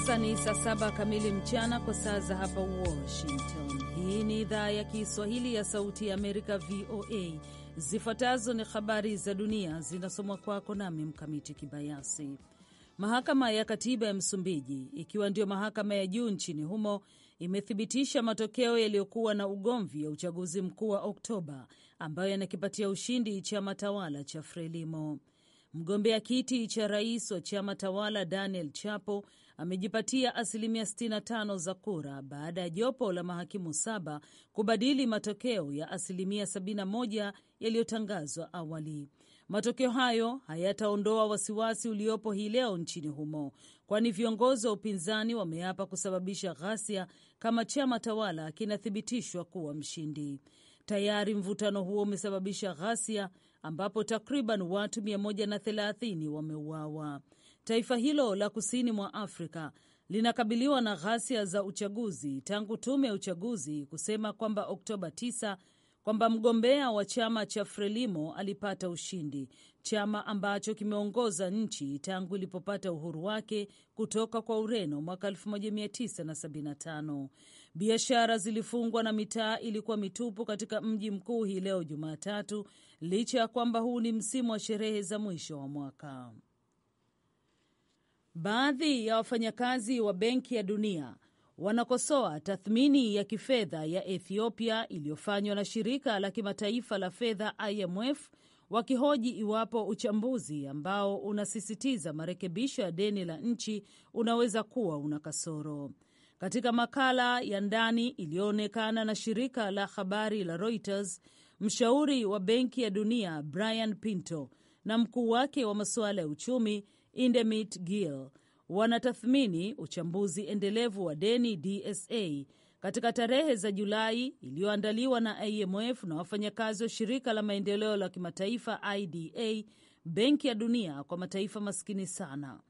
Sasa ni saa saba kamili mchana kwa saa za hapa Washington. Hii ni idhaa ya Kiswahili ya Sauti ya Amerika, VOA. Zifuatazo ni habari za dunia zinasomwa kwako nami Mkamiti Kibayasi. Mahakama ya Katiba ya Msumbiji, ikiwa ndiyo mahakama ya juu nchini humo, imethibitisha matokeo yaliyokuwa na ugomvi ya uchaguzi mkuu wa Oktoba ambayo yanakipatia ushindi chama tawala cha Frelimo. Mgombea kiti cha rais wa chama tawala Daniel Chapo amejipatia asilimia 65 za kura baada ya jopo la mahakimu saba kubadili matokeo ya asilimia 71 yaliyotangazwa awali. Matokeo hayo hayataondoa wasiwasi uliopo hii leo nchini humo, kwani viongozi wa upinzani wameapa kusababisha ghasia kama chama tawala kinathibitishwa kuwa mshindi. Tayari mvutano huo umesababisha ghasia ambapo takriban watu 130 wameuawa. Taifa hilo la kusini mwa Afrika linakabiliwa na ghasia za uchaguzi tangu tume ya uchaguzi kusema kwamba Oktoba 9 kwamba mgombea wa chama cha Frelimo alipata ushindi, chama ambacho kimeongoza nchi tangu ilipopata uhuru wake kutoka kwa Ureno mwaka 1975. Biashara zilifungwa na mitaa ilikuwa mitupu katika mji mkuu hii leo Jumatatu, licha ya kwamba huu ni msimu wa sherehe za mwisho wa mwaka. Baadhi ya wafanyakazi wa Benki ya Dunia wanakosoa tathmini ya kifedha ya Ethiopia iliyofanywa na shirika la kimataifa la fedha IMF, wakihoji iwapo uchambuzi ambao unasisitiza marekebisho ya deni la nchi unaweza kuwa una kasoro. Katika makala ya ndani iliyoonekana na shirika la habari la Reuters, mshauri wa Benki ya Dunia Brian Pinto na mkuu wake wa masuala ya uchumi Indemit Gill wanatathmini uchambuzi endelevu wa deni DSA katika tarehe za Julai iliyoandaliwa na IMF na wafanyakazi wa shirika la maendeleo la kimataifa IDA, Benki ya Dunia kwa mataifa maskini sana.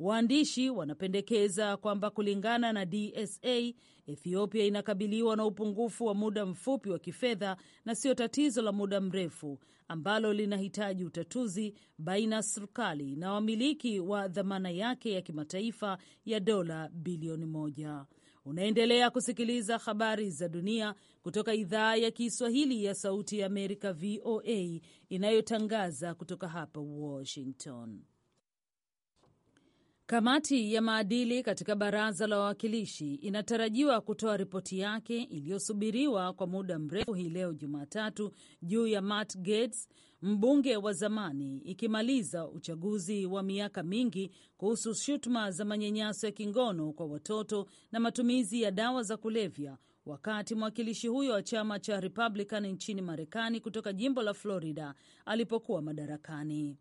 Waandishi wanapendekeza kwamba kulingana na DSA, Ethiopia inakabiliwa na upungufu wa muda mfupi wa kifedha na sio tatizo la muda mrefu ambalo linahitaji utatuzi baina ya serikali na wamiliki wa dhamana yake ya kimataifa ya dola bilioni moja. Unaendelea kusikiliza habari za dunia kutoka idhaa ya Kiswahili ya Sauti ya Amerika, VOA, inayotangaza kutoka hapa Washington. Kamati ya maadili katika baraza la wawakilishi inatarajiwa kutoa ripoti yake iliyosubiriwa kwa muda mrefu hii leo Jumatatu juu ya Matt Gaetz, mbunge wa zamani, ikimaliza uchaguzi wa miaka mingi kuhusu shutuma za manyanyaso ya kingono kwa watoto na matumizi ya dawa za kulevya wakati mwakilishi huyo wa chama cha Republican nchini Marekani kutoka jimbo la Florida alipokuwa madarakani.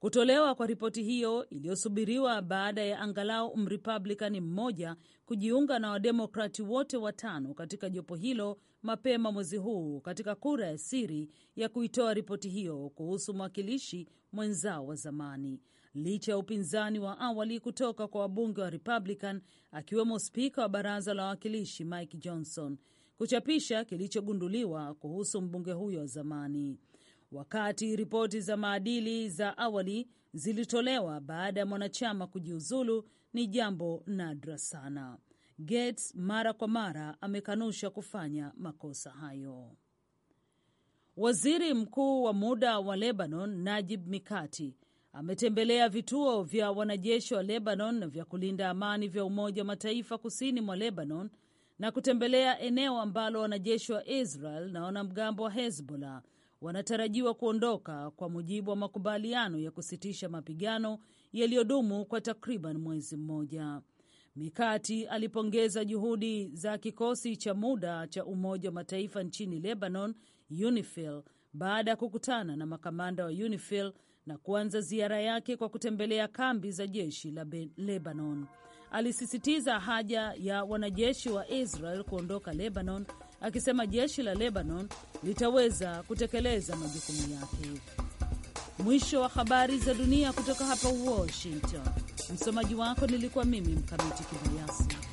Kutolewa kwa ripoti hiyo iliyosubiriwa baada ya angalau mrepublican mmoja kujiunga na wademokrati wote watano katika jopo hilo mapema mwezi huu katika kura ya siri ya kuitoa ripoti hiyo kuhusu mwakilishi mwenzao wa zamani, licha ya upinzani wa awali kutoka kwa wabunge wa Republican akiwemo spika wa baraza la wawakilishi Mike Johnson kuchapisha kilichogunduliwa kuhusu mbunge huyo wa zamani wakati ripoti za maadili za awali zilitolewa baada ya mwanachama kujiuzulu ni jambo nadra sana. Gates mara kwa mara amekanusha kufanya makosa hayo. Waziri mkuu wa muda wa Lebanon Najib Mikati ametembelea vituo vya wanajeshi wa Lebanon na vya kulinda amani vya Umoja wa Mataifa kusini mwa Lebanon na kutembelea eneo ambalo wanajeshi wa Israel na wanamgambo wa Hezbollah wanatarajiwa kuondoka kwa mujibu wa makubaliano ya kusitisha mapigano yaliyodumu kwa takriban mwezi mmoja. Mikati alipongeza juhudi za kikosi cha muda cha Umoja wa Mataifa nchini Lebanon, UNIFIL, baada ya kukutana na makamanda wa UNIFIL na kuanza ziara yake kwa kutembelea kambi za jeshi la Lebanon. Alisisitiza haja ya wanajeshi wa Israel kuondoka Lebanon akisema jeshi la Lebanon litaweza kutekeleza majukumu yake. Mwisho wa habari za dunia kutoka hapa Washington. Msomaji wako nilikuwa mimi Mkamiti Kibayasi.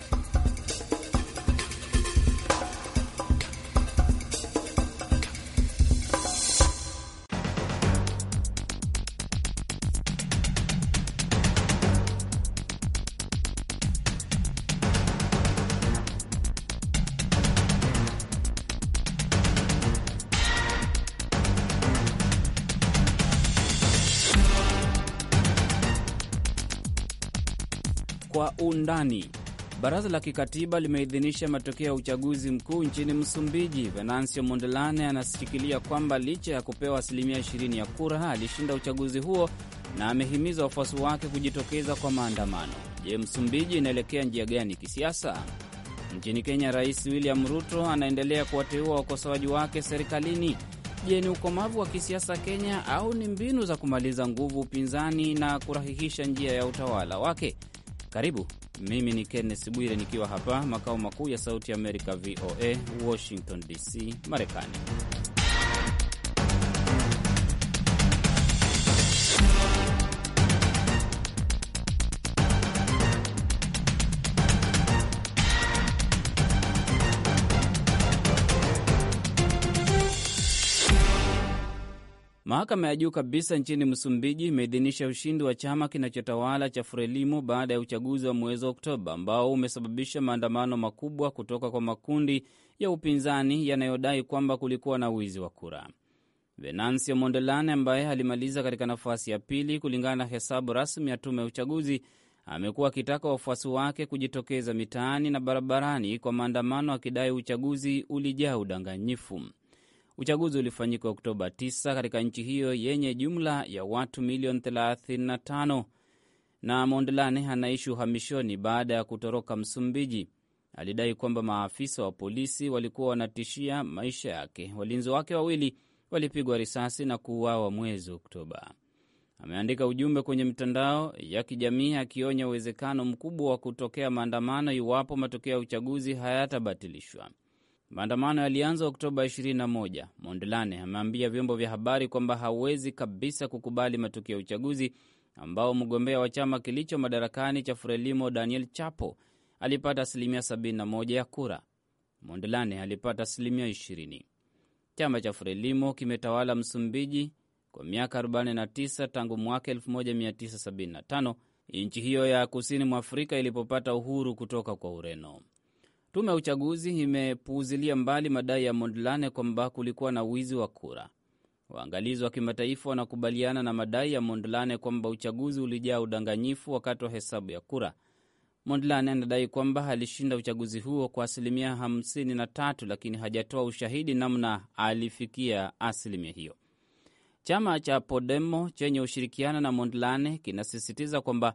undani. Baraza la kikatiba limeidhinisha matokeo ya uchaguzi mkuu nchini Msumbiji. Venancio Mondelane anashikilia kwamba licha ya kupewa asilimia 20 ya kura alishinda uchaguzi huo na amehimiza wafuasi wake kujitokeza kwa maandamano. Je, Msumbiji inaelekea njia gani kisiasa? Nchini Kenya, Rais William Ruto anaendelea kuwateua wakosoaji wake serikalini. Je, ni ukomavu wa kisiasa Kenya au ni mbinu za kumaliza nguvu upinzani na kurahihisha njia ya utawala wake? Karibu mimi ni Kenneth Bwire nikiwa hapa makao makuu ya Sauti ya Amerika, VOA, Washington DC, Marekani. Mahakama ya juu kabisa nchini Msumbiji imeidhinisha ushindi wa chama kinachotawala cha Frelimo baada ya uchaguzi wa mwezi Oktoba ambao umesababisha maandamano makubwa kutoka kwa makundi ya upinzani yanayodai kwamba kulikuwa na wizi wa kura. Venancio mondelane ambaye alimaliza katika nafasi ya pili kulingana na hesabu rasmi ya tume ya uchaguzi, amekuwa akitaka wafuasi wake kujitokeza mitaani na barabarani kwa maandamano, akidai uchaguzi ulijaa udanganyifu. Uchaguzi ulifanyika Oktoba 9 katika nchi hiyo yenye jumla ya watu milioni 35, na Mondlane anaishi uhamishoni baada ya kutoroka Msumbiji. Alidai kwamba maafisa wa polisi walikuwa wanatishia maisha yake. Walinzi wake wawili walipigwa risasi na kuuawa mwezi Oktoba. Ameandika ujumbe kwenye mitandao ya kijamii akionya uwezekano mkubwa wa kutokea maandamano iwapo matokeo ya uchaguzi hayatabatilishwa. Maandamano yalianza Oktoba 21. Mondlane ameambia vyombo vya habari kwamba hawezi kabisa kukubali matukio ya uchaguzi ambao mgombea wa chama kilicho madarakani cha Frelimo Daniel Chapo alipata asilimia 71 ya kura. Mondlane alipata asilimia 20. Chama cha Frelimo kimetawala Msumbiji kwa miaka 49 tangu mwaka 1975 nchi hiyo ya kusini mwa Afrika ilipopata uhuru kutoka kwa Ureno. Tume ya uchaguzi imepuuzilia mbali madai ya Mondlane kwamba kulikuwa na wizi wa kura. Waangalizi wa kimataifa wanakubaliana na madai ya Mondlane kwamba uchaguzi ulijaa udanganyifu wakati wa hesabu ya kura. Mondlane anadai kwamba alishinda uchaguzi huo kwa asilimia 53, lakini hajatoa ushahidi namna alifikia asilimia hiyo. Chama cha Podemo chenye ushirikiano na Mondlane kinasisitiza kwamba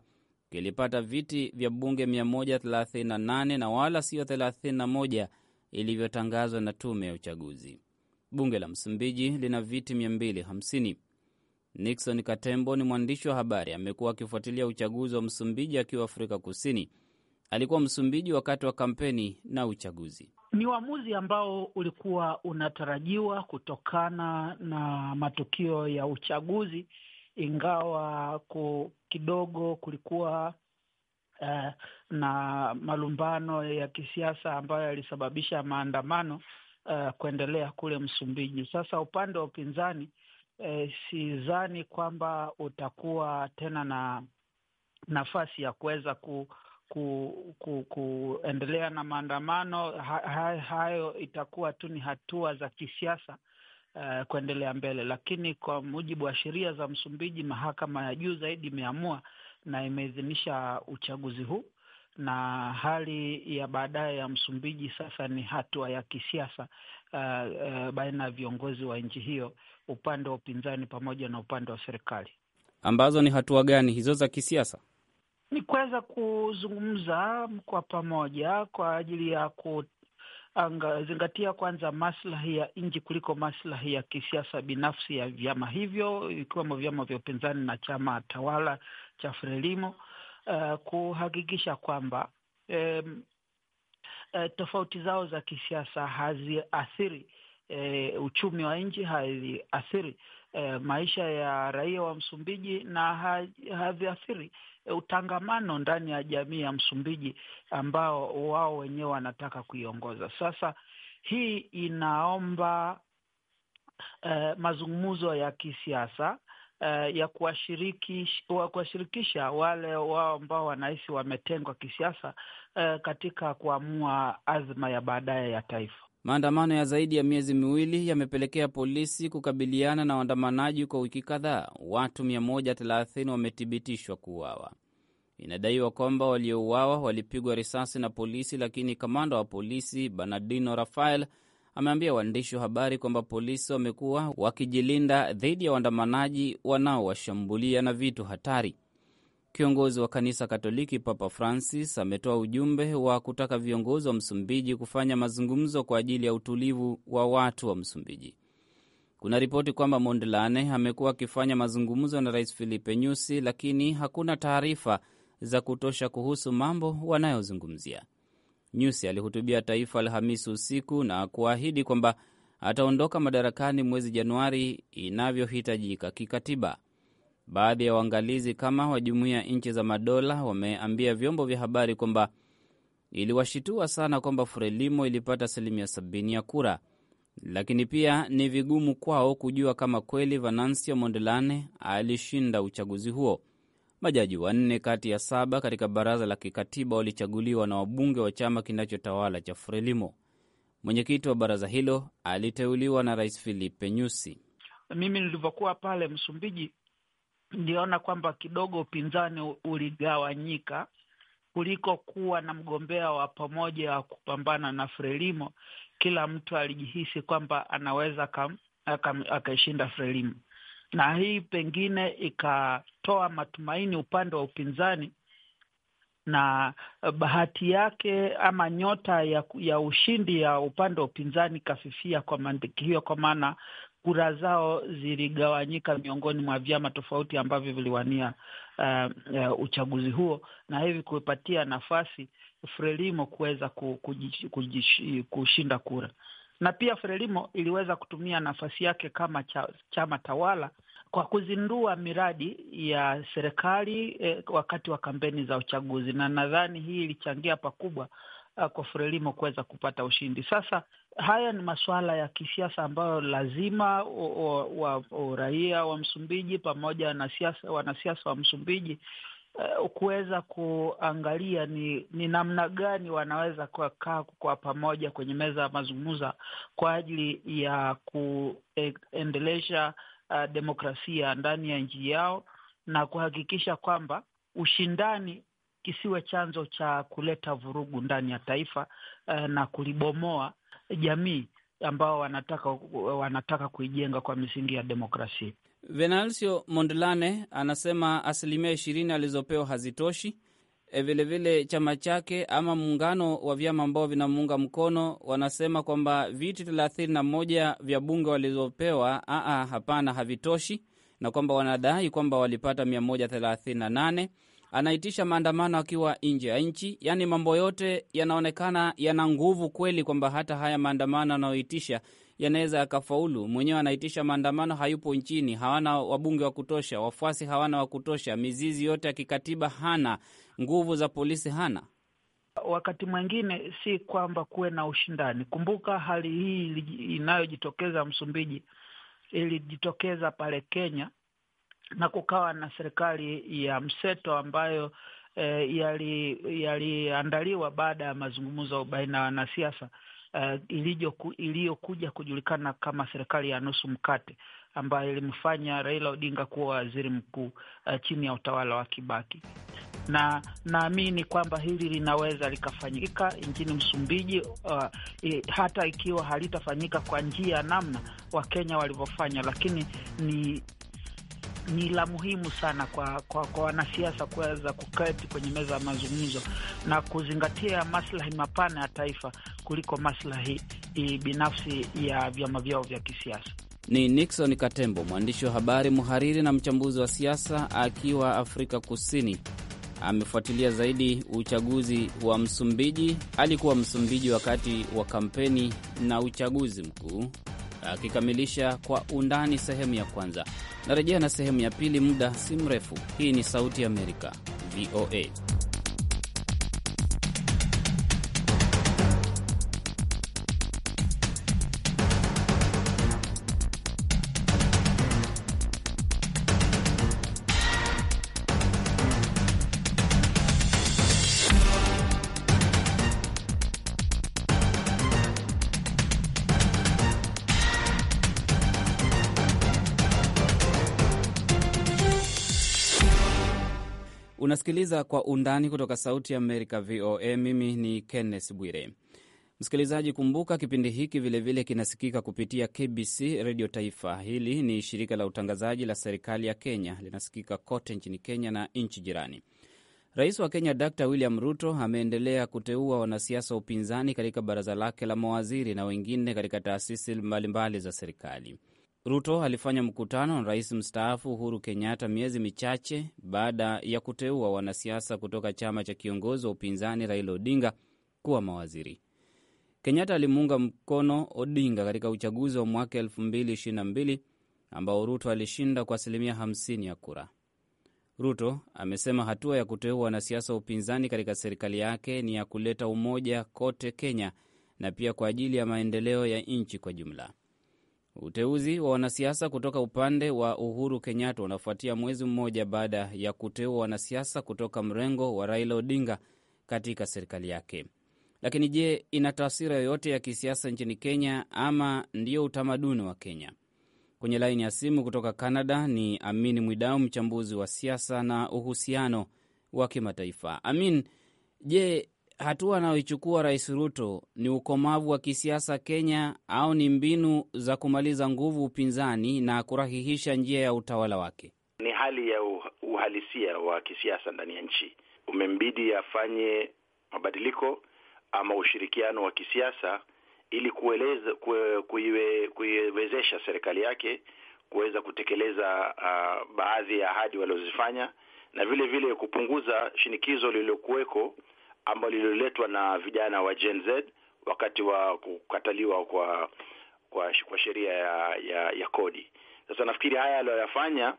kilipata viti vya bunge 138 na wala sio 31 ilivyotangazwa na tume ya uchaguzi. Bunge la Msumbiji lina viti 250. Nixon Katembo ni mwandishi wa habari, amekuwa akifuatilia uchaguzi wa Msumbiji akiwa Afrika Kusini. Alikuwa Msumbiji wakati wa kampeni na uchaguzi. Ni uamuzi ambao ulikuwa unatarajiwa kutokana na matukio ya uchaguzi ingawa ku, kidogo kulikuwa uh, na malumbano ya kisiasa ambayo yalisababisha maandamano uh, kuendelea kule Msumbiji. Sasa upande wa upinzani uh, sidhani kwamba utakuwa tena na nafasi ya kuweza ku ku, ku, kuendelea na maandamano hayo. Itakuwa tu ni hatua za kisiasa uh, kuendelea mbele, lakini kwa mujibu wa sheria za Msumbiji, mahakama ya juu zaidi imeamua na imeidhinisha uchaguzi huu, na hali ya baadaye ya Msumbiji sasa ni hatua ya kisiasa uh, uh, baina ya viongozi wa nchi hiyo, upande wa upinzani pamoja na upande wa serikali. Ambazo ni hatua gani hizo za kisiasa? Ni kuweza kuzungumza kwa pamoja kwa ajili ya angazingatia kwanza maslahi ya nchi kuliko maslahi ya kisiasa binafsi ya vyama hivyo, ikiwemo vyama vya upinzani na chama tawala cha Frelimo, uh, kuhakikisha kwamba um, uh, tofauti zao za kisiasa haziathiri uh, uchumi wa nchi, haziathiri e, maisha ya raia wa Msumbiji na ha, haviathiri e, utangamano ndani ya jamii ya Msumbiji ambao wao wenyewe wanataka kuiongoza. Sasa hii inaomba e, mazungumzo ya kisiasa Uh, ya kuwashirikisha kuwashirikisha wale wao ambao wanahisi wametengwa kisiasa uh, katika kuamua azma ya baadaye ya taifa. Maandamano ya zaidi ya miezi miwili yamepelekea polisi kukabiliana na waandamanaji kwa wiki kadhaa. Watu 130 wamethibitishwa kuuawa. Inadaiwa kwamba waliouawa walipigwa risasi na polisi, lakini kamanda wa polisi Bernardino Rafael ameambia waandishi wa habari kwamba polisi wamekuwa wakijilinda dhidi ya waandamanaji wanaowashambulia na vitu hatari. Kiongozi wa kanisa Katoliki Papa Francis ametoa ujumbe wa kutaka viongozi wa Msumbiji kufanya mazungumzo kwa ajili ya utulivu wa watu wa Msumbiji. Kuna ripoti kwamba Mondlane amekuwa akifanya mazungumzo na Rais Filipe Nyusi, lakini hakuna taarifa za kutosha kuhusu mambo wanayozungumzia. Nyusi alihutubia taifa Alhamisi usiku na kuahidi kwamba ataondoka madarakani mwezi Januari inavyohitajika kikatiba. Baadhi ya waangalizi kama wa Jumuiya ya Nchi za Madola wameambia vyombo vya habari kwamba iliwashitua sana kwamba Frelimo ilipata asilimia sabini ya kura, lakini pia ni vigumu kwao kujua kama kweli Venancio Mondlane alishinda uchaguzi huo. Majaji wanne kati ya saba katika baraza la kikatiba walichaguliwa na wabunge wa chama kinachotawala cha Frelimo. Mwenyekiti wa baraza hilo aliteuliwa na Rais Filipe Nyusi. Mimi nilivyokuwa pale Msumbiji, niliona kwamba kidogo upinzani uligawanyika kuliko kuwa na mgombea wa pamoja wa kupambana na Frelimo. Kila mtu alijihisi kwamba anaweza akaishinda Frelimo, na hii pengine ikatoa matumaini upande wa upinzani na bahati yake ama nyota ya, ya ushindi ya upande wa upinzani ikafifia kwa mantiki hiyo, kwa maana kura zao ziligawanyika miongoni mwa vyama tofauti ambavyo viliwania uh, uh, uchaguzi huo na hivi kuipatia nafasi Frelimo kuweza kushinda kura, na pia Frelimo iliweza kutumia nafasi yake kama cha, chama tawala kwa kuzindua miradi ya serikali eh, wakati wa kampeni za uchaguzi, na nadhani hii ilichangia pakubwa uh, kwa Frelimo kuweza kupata ushindi. Sasa haya ni masuala ya kisiasa ambayo lazima raia wa Msumbiji pamoja na wanasiasa wa Msumbiji uh, kuweza kuangalia ni, ni namna gani wanaweza kukaa kwa pamoja kwenye meza ya mazungumzo kwa ajili ya kuendelesha uh, demokrasia ndani ya nchi yao na kuhakikisha kwamba ushindani kisiwe chanzo cha kuleta vurugu ndani ya taifa eh, na kulibomoa jamii ambao wanataka wanataka kuijenga kwa misingi ya demokrasia. Venancio Mondlane anasema asilimia ishirini alizopewa hazitoshi. Vilevile chama chake ama muungano wa vyama ambao vinamuunga mkono wanasema kwamba viti thelathini na moja vya bunge walizopewa, aa, hapana, havitoshi na kwamba wanadai kwamba walipata mia moja thelathini na nane anaitisha maandamano akiwa nje ya nchi. Yaani mambo yote yanaonekana yana nguvu kweli, kwamba hata haya maandamano anayoitisha yanaweza yakafaulu. Mwenyewe anaitisha maandamano, hayupo nchini, hawana wabunge wa kutosha, wafuasi hawana wa kutosha, mizizi yote ya kikatiba hana, nguvu za polisi hana. Wakati mwingine si kwamba kuwe na ushindani. Kumbuka hali hii inayojitokeza Msumbiji ilijitokeza pale Kenya na kukawa na serikali ya mseto ambayo eh, yaliandaliwa yali baada ya mazungumzo baina ya wanasiasa eh, iliyokuja kujulikana kama serikali ya nusu mkate ambayo ilimfanya Raila Odinga kuwa waziri mkuu eh, chini ya utawala wa Kibaki na naamini kwamba hili linaweza likafanyika nchini Msumbiji. Uh, e, hata ikiwa halitafanyika kwa njia ya namna Wakenya walivyofanya, lakini ni ni la muhimu sana kwa kwa, kwa wanasiasa kuweza kuketi kwenye meza ya mazungumzo na kuzingatia maslahi mapana ya taifa kuliko maslahi binafsi ya vyama vyao vya kisiasa. Ni Nixon Katembo, mwandishi wa habari, mhariri na mchambuzi wa siasa, akiwa Afrika Kusini. Amefuatilia zaidi uchaguzi wa Msumbiji. Alikuwa Msumbiji wakati wa kampeni na uchaguzi mkuu, akikamilisha kwa undani sehemu ya kwanza. Narejea na sehemu ya pili muda si mrefu. Hii ni Sauti ya Amerika, VOA. Unasikiliza Kwa Undani kutoka Sauti ya Amerika, VOA. Mimi ni Kenneth Bwire. Msikilizaji, kumbuka kipindi hiki vilevile kinasikika kupitia KBC redio Taifa. Hili ni shirika la utangazaji la serikali ya Kenya, linasikika kote nchini Kenya na nchi jirani. Rais wa Kenya Dr William Ruto ameendelea kuteua wanasiasa wa upinzani katika baraza lake la mawaziri na wengine katika taasisi mbalimbali za serikali. Ruto alifanya mkutano na rais mstaafu Uhuru Kenyatta miezi michache baada ya kuteua wanasiasa kutoka chama cha kiongozi wa upinzani Raila Odinga kuwa mawaziri. Kenyatta alimuunga mkono Odinga katika uchaguzi wa mwaka 222 ambao Ruto alishinda kwa asilimia 50 ya kura. Ruto amesema hatua ya kuteua wanasiasa wa upinzani katika serikali yake ni ya kuleta umoja kote Kenya na pia kwa ajili ya maendeleo ya nchi kwa jumla. Uteuzi wa wanasiasa kutoka upande wa Uhuru Kenyatta unafuatia mwezi mmoja baada ya kuteua wanasiasa kutoka mrengo wa Raila Odinga katika serikali yake. Lakini je, ina taswira yoyote ya kisiasa nchini Kenya ama ndiyo utamaduni wa Kenya? Kwenye laini ya simu kutoka Canada ni Amin Mwidau, mchambuzi wa siasa na uhusiano wa kimataifa. Amin, je, hatua anayoichukua Rais Ruto ni ukomavu wa kisiasa Kenya au ni mbinu za kumaliza nguvu upinzani na kurahihisha njia ya utawala wake? Ni hali ya uhalisia wa kisiasa ndani ya nchi, umembidi afanye mabadiliko ama ushirikiano wa kisiasa ili kueleza kuiwezesha serikali yake kuweza kutekeleza uh, baadhi ya ahadi waliozifanya na vile vile kupunguza shinikizo lililokuweko ambalo lililoletwa na vijana wa Gen Z wakati wa kukataliwa kwa kwa, kwa sheria ya, ya ya kodi. Sasa nafikiri haya aliyoyafanya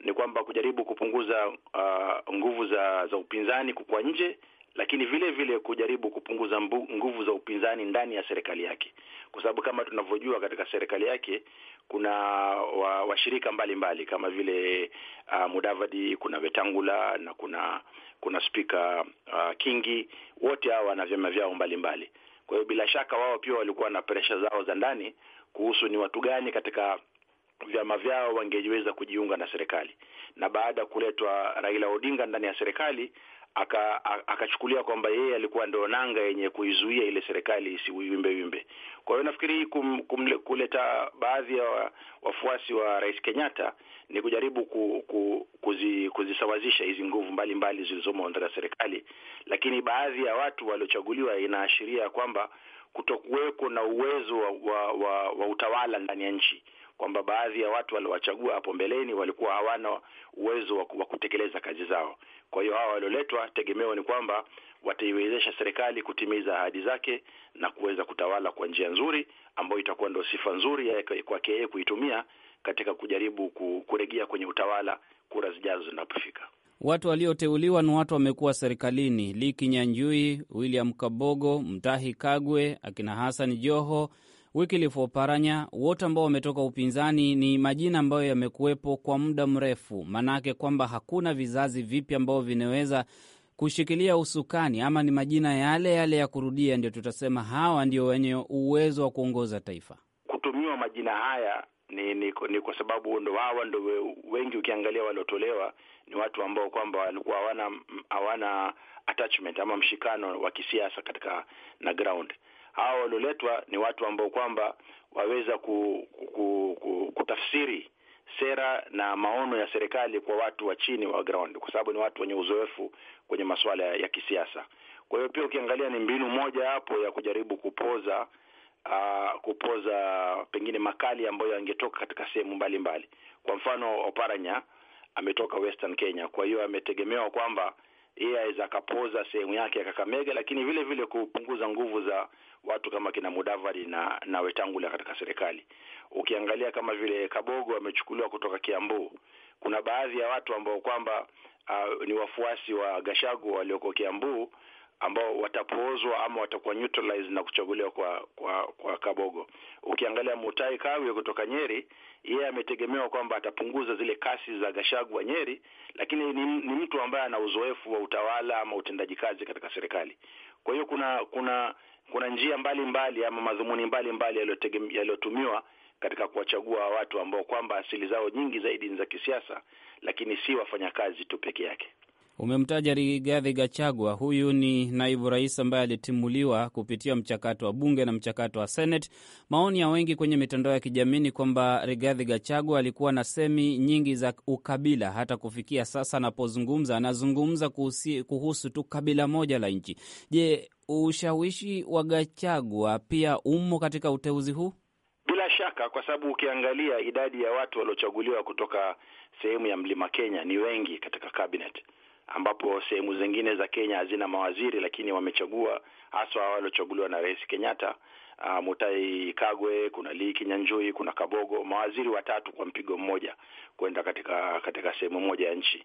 ni kwamba kujaribu kupunguza uh, nguvu za za upinzani kwa nje, lakini vile vile kujaribu kupunguza mbu, nguvu za upinzani ndani ya serikali yake, kwa sababu kama tunavyojua katika serikali yake kuna washirika wa mbalimbali kama vile uh, Mudavadi, kuna Wetangula na kuna kuna spika uh, Kingi. Wote hawa wana vyama vyao mbalimbali, kwa hiyo bila shaka wao pia walikuwa na presha zao za ndani kuhusu ni watu gani katika vyama vyao wangeweza kujiunga na serikali, na baada ya kuletwa Raila Odinga ndani ya serikali akachukulia aka kwamba yeye alikuwa ndio nanga yenye kuizuia ile serikali isiwimbe wimbe. Kwa hiyo nafikiri hii kum, kuleta baadhi ya wafuasi wa Rais Kenyatta ni kujaribu ku, ku, kuzi, kuzisawazisha hizi nguvu mbalimbali zilizomo ndani ya serikali, lakini baadhi ya watu waliochaguliwa inaashiria kwamba kutokuweko na uwezo wa, wa, wa, wa utawala ndani ya nchi kwamba baadhi ya watu waliowachagua hapo mbeleni walikuwa hawana uwezo wa kutekeleza kazi zao. Kwa hiyo hawa walioletwa, tegemeo ni kwamba wataiwezesha serikali kutimiza ahadi zake na kuweza kutawala kwa njia nzuri, ambayo itakuwa ndio sifa nzuri kwake yeye kuitumia katika kujaribu kuregea kwenye utawala kura zijazo zinapofika. Watu walioteuliwa ni watu wamekuwa serikalini: Liki Nyanjui, William Kabogo, Mtahi Kagwe, akina Hassan Joho Wikilifo Paranya wote ambao wametoka upinzani ni majina ambayo yamekuwepo kwa muda mrefu, maanake kwamba hakuna vizazi vipya ambao vinaweza kushikilia usukani, ama ni majina yale yale ya kurudia, ndio tutasema hawa ndio wenye uwezo wa kuongoza taifa. Kutumiwa majina haya ni, ni, ni kwa sababu ndo hawa ndo wengi, ukiangalia waliotolewa ni watu ambao kwamba walikuwa hawana hawana attachment ama mshikano wa kisiasa katika na ground hao walioletwa ni watu ambao kwamba waweza ku, ku, ku, ku, kutafsiri sera na maono ya serikali kwa watu wa chini wa ground, kwa sababu ni watu wenye uzoefu kwenye masuala ya kisiasa. Kwa hiyo pia ukiangalia ni mbinu moja hapo ya kujaribu kupoza uh, kupoza pengine makali ambayo yangetoka katika sehemu mbalimbali. Kwa mfano, Oparanya ametoka Western Kenya, kwa hiyo ametegemewa kwamba yeye aweza akapoza sehemu yake ya Kakamega, lakini vile vile kupunguza nguvu za watu kama kina Mudavadi na na Wetangula katika serikali. Ukiangalia kama vile Kabogo amechukuliwa kutoka Kiambu, kuna baadhi ya watu ambao kwamba uh, ni wafuasi wa Gashagu walioko Kiambu ambao watapoozwa ama watakuwa neutralized na kuchaguliwa kwa kwa kwa Kabogo. Ukiangalia Mutai Kawe kutoka Nyeri, yeye ametegemewa kwamba atapunguza zile kasi za Gashagwa Nyeri, lakini ni, ni mtu ambaye ana uzoefu wa utawala ama utendaji kazi katika serikali. Kwa hiyo kuna kuna kuna njia mbalimbali mbali, ama madhumuni mbalimbali yaliyotumiwa katika kuwachagua watu ambao kwamba asili zao nyingi zaidi ni za kisiasa, lakini si wafanyakazi tu peke yake. Umemtaja Rigathi Gachagua, huyu ni naibu rais ambaye alitimuliwa kupitia mchakato wa bunge na mchakato wa Senate. Maoni ya wengi kwenye mitandao ya kijamii ni kwamba Rigathi Gachagua alikuwa na semi nyingi za ukabila, hata kufikia sasa anapozungumza anazungumza kuhusu, tu kabila moja la nchi. Je, ushawishi wa Gachagua pia umo katika uteuzi huu? Bila shaka, kwa sababu ukiangalia idadi ya watu waliochaguliwa kutoka sehemu ya mlima Kenya ni wengi katika cabinet ambapo sehemu zingine za Kenya hazina mawaziri, lakini wamechagua haswa waliochaguliwa na Rais Kenyatta Uh, Mutai Kagwe, kuna Lee Kinyanjui, kuna Kabogo, mawaziri watatu kwa mpigo mmoja kwenda katika katika sehemu moja ya nchi.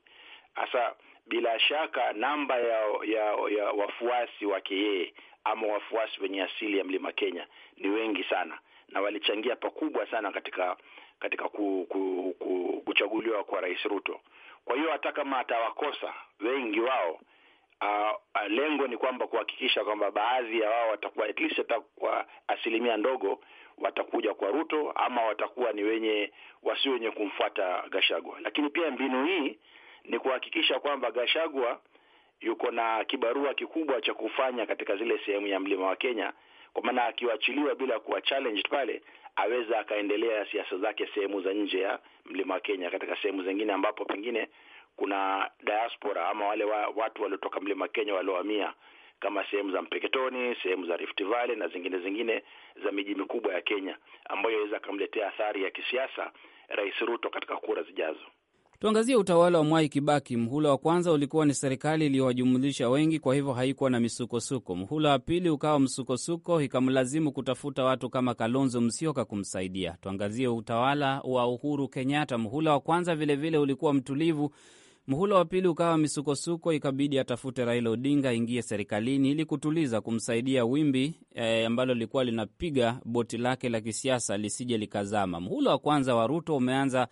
Sasa bila shaka namba ya, ya, ya wafuasi wake yeye ama wafuasi wenye asili ya Mlima Kenya ni wengi sana na walichangia pakubwa sana katika katika ku, ku, ku, kuchaguliwa kwa Rais Ruto. Kwa hiyo hata kama atawakosa wengi wao uh, lengo ni kwamba kuhakikisha kwamba baadhi ya wao watakuwa at least watakuwa asilimia ndogo watakuja kwa Ruto ama watakuwa ni wenye wasi wenye kumfuata Gashagwa. Lakini pia mbinu hii ni kuhakikisha kwamba Gashagwa yuko na kibarua kikubwa cha kufanya katika zile sehemu ya mlima wa Kenya, kwa maana akiwachiliwa bila kuwa challenge pale aweza akaendelea siasa zake sehemu za nje ya mlima wa Kenya, katika sehemu zingine ambapo pengine kuna diaspora ama wale wa, watu waliotoka mlima wa Kenya waliohamia kama sehemu za Mpeketoni, sehemu za Rift Valley na zingine zingine za miji mikubwa ya Kenya, ambayo aweza akamletea athari ya kisiasa Rais Ruto katika kura zijazo. Tuangazie utawala wa Mwai Kibaki. Mhula wa kwanza ulikuwa ni serikali iliyowajumulisha wengi, kwa hivyo haikuwa na misukosuko. Mhula wa pili ukawa msukosuko, ikamlazimu kutafuta watu kama Kalonzo Musyoka kumsaidia. Tuangazie utawala wa Uhuru Kenyatta. Mhula wa kwanza vilevile vile ulikuwa mtulivu. Mhula wa pili ukawa misukosuko, ikabidi atafute Raila Odinga aingie serikalini ili kutuliza, kumsaidia wimbi e, ambalo lilikuwa linapiga boti lake la kisiasa lisije likazama. Mhula wa kwanza wa Ruto umeanza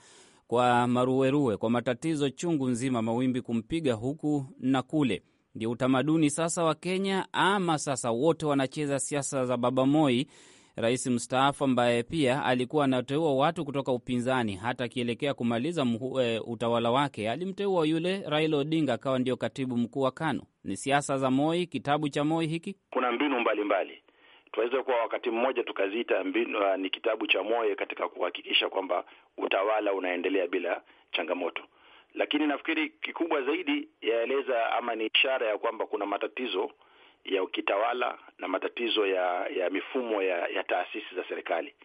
kwa maruweruwe, kwa matatizo chungu nzima, mawimbi kumpiga huku na kule. Ndio utamaduni sasa wa Kenya, ama sasa wote wanacheza siasa za Baba Moi, rais mstaafu, ambaye pia alikuwa anateua watu kutoka upinzani. Hata akielekea kumaliza mhu, e, utawala wake alimteua yule Raila Odinga akawa ndio katibu mkuu wa KANU. Ni siasa za Moi, kitabu cha Moi hiki. Kuna mbinu mbalimbali mbali tuweze kwa wakati mmoja tukaziita mbinu uh, ni kitabu cha moyo katika kuhakikisha kwamba utawala unaendelea bila changamoto, lakini nafikiri kikubwa zaidi yaeleza ama ni ishara ya kwamba kuna matatizo ya kitawala na matatizo ya ya mifumo ya, ya taasisi za serikali,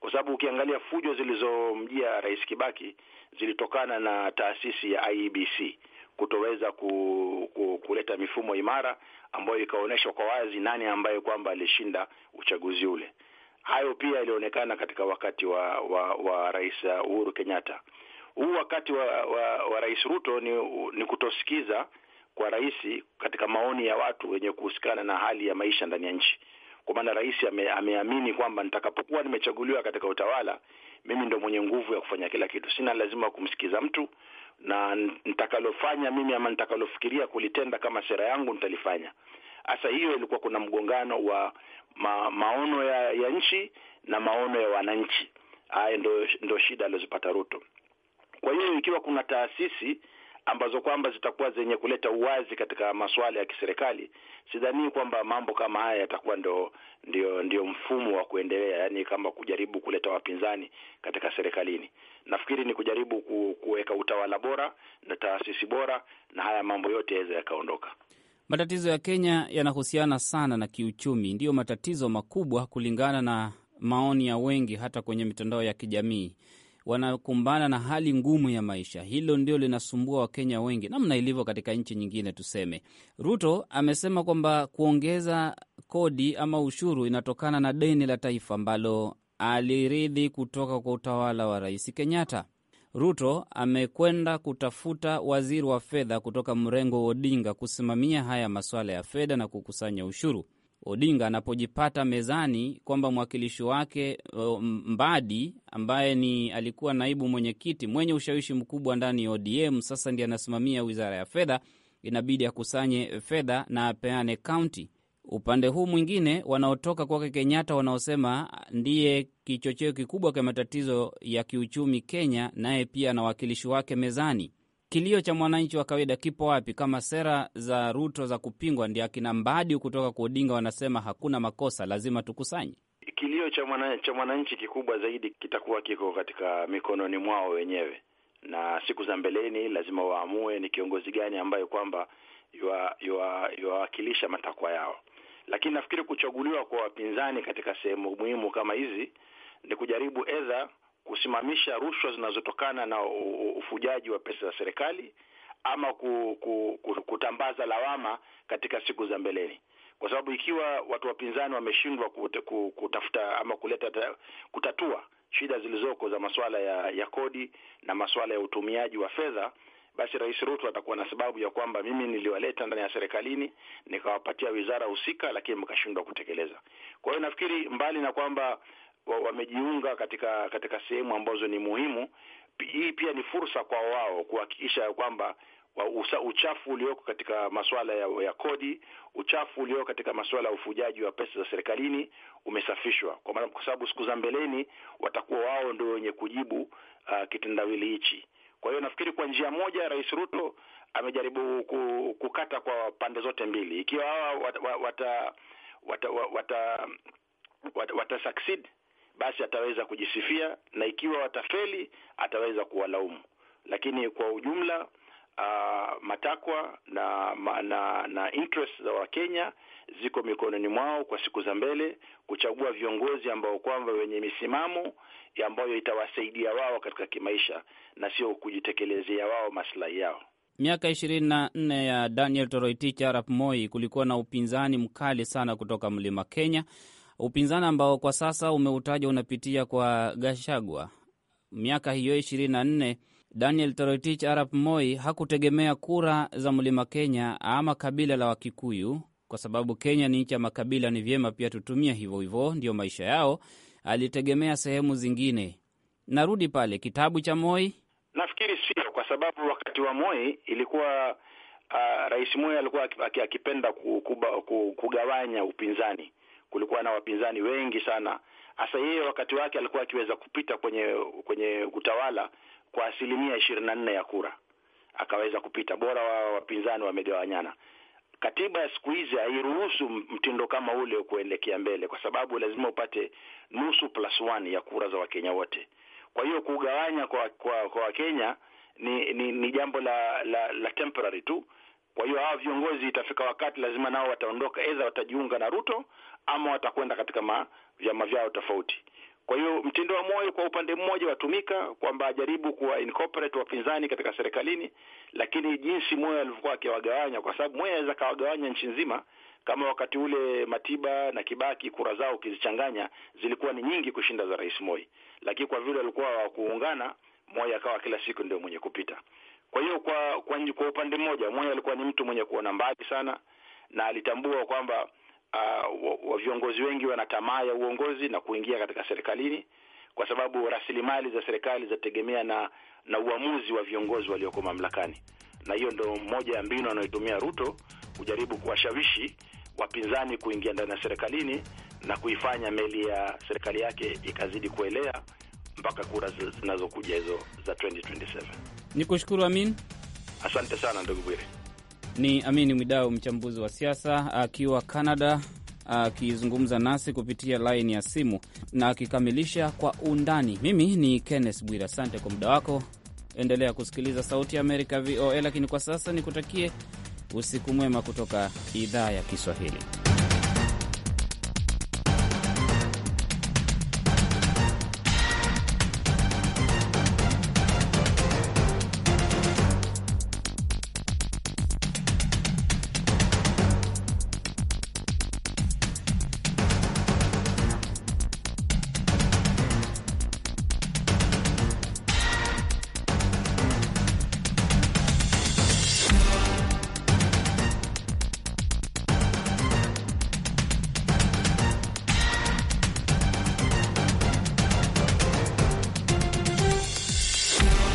kwa sababu ukiangalia fujo zilizomjia Rais Kibaki zilitokana na taasisi ya IEBC kutoweza ku, ku, kuleta mifumo imara ambayo ikaonyeshwa kwa wazi nani ambaye kwamba alishinda uchaguzi ule. Hayo pia ilionekana katika wakati wa wa, wa Rais Uhuru Kenyatta. Huu wakati wa, wa, wa Rais Ruto ni, ni kutosikiza kwa rais katika maoni ya watu wenye kuhusikana na hali ya maisha ndani ya nchi. Kwa maana rais ame, ameamini kwamba nitakapokuwa nimechaguliwa katika utawala, mimi ndo mwenye nguvu ya kufanya kila kitu, sina lazima kumsikiza mtu, na nitakalofanya mimi ama nitakalofikiria kulitenda kama sera yangu nitalifanya. Hasa hiyo ilikuwa kuna mgongano wa ma, maono ya, ya nchi na maono ya wananchi. Haya ndo, ndo shida alizopata Ruto. Kwa hiyo ikiwa kuna taasisi ambazo kwamba zitakuwa zenye kuleta uwazi katika masuala ya kiserikali, sidhani kwamba mambo kama haya yatakuwa ndio ndio ndio mfumo wa kuendelea, yani kama kujaribu kuleta wapinzani katika serikalini. Nafikiri ni kujaribu kuweka utawala bora na taasisi bora, na haya mambo yote yaweza yakaondoka. Matatizo ya Kenya yanahusiana sana na kiuchumi, ndiyo matatizo makubwa kulingana na maoni ya wengi, hata kwenye mitandao ya kijamii wanakumbana na hali ngumu ya maisha. Hilo ndio linasumbua Wakenya wengi, namna ilivyo katika nchi nyingine. Tuseme Ruto amesema kwamba kuongeza kodi ama ushuru inatokana na deni la taifa ambalo aliridhi kutoka kwa utawala wa Rais Kenyatta. Ruto amekwenda kutafuta waziri wa fedha kutoka mrengo wa Odinga kusimamia haya masuala ya fedha na kukusanya ushuru. Odinga anapojipata mezani kwamba mwakilishi wake Mbadi ambaye ni alikuwa naibu mwenyekiti mwenye ushawishi mkubwa ndani ya ODM sasa ndiye anasimamia wizara ya fedha, inabidi akusanye fedha na apeane kaunti. Upande huu mwingine wanaotoka kwake Kenyatta wanaosema ndiye kichocheo kikubwa kwa matatizo ya kiuchumi Kenya, naye pia na wakilishi wake mezani kilio cha mwananchi wa kawaida kipo wapi kama sera za Ruto za kupingwa? Ndio akina Mbadi kutoka kwa Odinga wanasema hakuna makosa, lazima tukusanye kilio cha mwana, cha mwananchi kikubwa zaidi kitakuwa kiko katika mikononi mwao wenyewe, na siku za mbeleni lazima waamue ni kiongozi gani ambayo kwamba yuwawakilisha matakwa yao. Lakini nafikiri kuchaguliwa kwa wapinzani katika sehemu muhimu kama hizi ni kujaribu edha kusimamisha rushwa zinazotokana na ufujaji wa pesa za serikali ama ku, ku, ku, kutambaza lawama katika siku za mbeleni, kwa sababu ikiwa watu wapinzani wameshindwa kutafuta ama kuleta kutatua shida zilizoko za masuala ya, ya kodi na masuala ya utumiaji wa fedha, basi Rais Ruto atakuwa na sababu ya kwamba mimi niliwaleta ndani ya serikalini nikawapatia wizara husika, lakini mkashindwa kutekeleza. Kwa hiyo nafikiri mbali na kwamba wamejiunga wa katika katika sehemu ambazo ni muhimu. Hii pia ni fursa kwa wao kuhakikisha kwamba uchafu ulioko katika masuala ya, ya kodi, uchafu ulioko katika masuala ya ufujaji wa pesa za serikalini umesafishwa, kwa maana kwa sababu siku za mbeleni watakuwa wao ndio wenye kujibu uh, kitendawili hichi. Kwa hiyo nafikiri kwa njia moja Rais Ruto amejaribu kukata kwa pande zote mbili, ikiwa hawa wata, wata, wata, wata, wata, wata succeed basi ataweza kujisifia, na ikiwa watafeli ataweza kuwalaumu. Lakini kwa ujumla uh, matakwa na, na, na interest za Wakenya ziko mikononi mwao kwa siku za mbele kuchagua viongozi ambao kwamba wenye misimamo ambayo itawasaidia wao katika kimaisha na sio kujitekelezea wao maslahi yao. Miaka ishirini na nne ya Daniel Toroitich arap Moi, kulikuwa na upinzani mkali sana kutoka mlima Kenya upinzani ambao kwa sasa umeutaja unapitia kwa Gashagwa miaka hiyo ishirini na nne. Daniel Toroitich Arap Moi hakutegemea kura za mlima Kenya ama kabila la Wakikuyu kwa sababu Kenya ni nchi ya makabila, ni vyema pia tutumia hivyo hivyo, ndiyo maisha yao. Alitegemea sehemu zingine. Narudi pale kitabu cha Moi, nafikiri sio kwa sababu wakati wa Moi ilikuwa uh, Rais Moi alikuwa akipenda kugawanya upinzani kulikuwa na wapinzani wengi sana. Hasa yeye wakati wake alikuwa akiweza kupita kwenye kwenye utawala kwa asilimia ishirini na nne ya kura akaweza kupita, bora wa wapinzani wamegawanyana. Katiba ya siku hizi hairuhusu mtindo kama ule kuelekea mbele, kwa sababu lazima upate nusu plus one ya kura za Wakenya wote. Kwa hiyo kugawanya kwa kwa Wakenya ni, ni, ni jambo la, la, la temporary tu kwa hiyo hawa viongozi itafika wakati lazima nao wataondoka, aidha watajiunga na Ruto ama watakwenda katika vyama vyao tofauti. Kwa hiyo mtindo wa moyo kwa upande mmoja watumika kwamba ajaribu kuwa incorporate wapinzani katika serikalini, lakini jinsi Moyo alivyokuwa akiwagawanya, kwa sababu Moyo aweza akawagawanya nchi nzima kama wakati ule Matiba na Kibaki kura zao ukizichanganya zilikuwa ni nyingi kushinda za Rais Moi, lakini kwa vile walikuwa wakuungana Moi akawa kila siku ndio mwenye kupita. Kwa hiyo kwa kwa, kwa upande mmoja Moi alikuwa ni mtu mwenye kuona mbali sana na alitambua kwamba uh, viongozi wengi wana tamaa ya uongozi na kuingia katika serikalini kwa sababu rasilimali za serikali zinategemea na na uamuzi wa viongozi walioko mamlakani, na hiyo ndio moja ya mbinu anayotumia Ruto kujaribu kuwashawishi wapinzani kuingia ndani ya serikalini na kuifanya meli ya serikali yake ikazidi kuelea mpaka kura zinazokuja hizo za 2027. Ni kushukuru Amin, asante sana ndugu Bwire. Ni Amin Mwidau, mchambuzi wa siasa akiwa Canada, akizungumza nasi kupitia laini ya simu na akikamilisha kwa undani. Mimi ni Kenneth Bwire, asante kwa muda wako. Endelea kusikiliza Sauti ya Amerika, VOA, lakini kwa sasa nikutakie usiku mwema kutoka idhaa ya Kiswahili.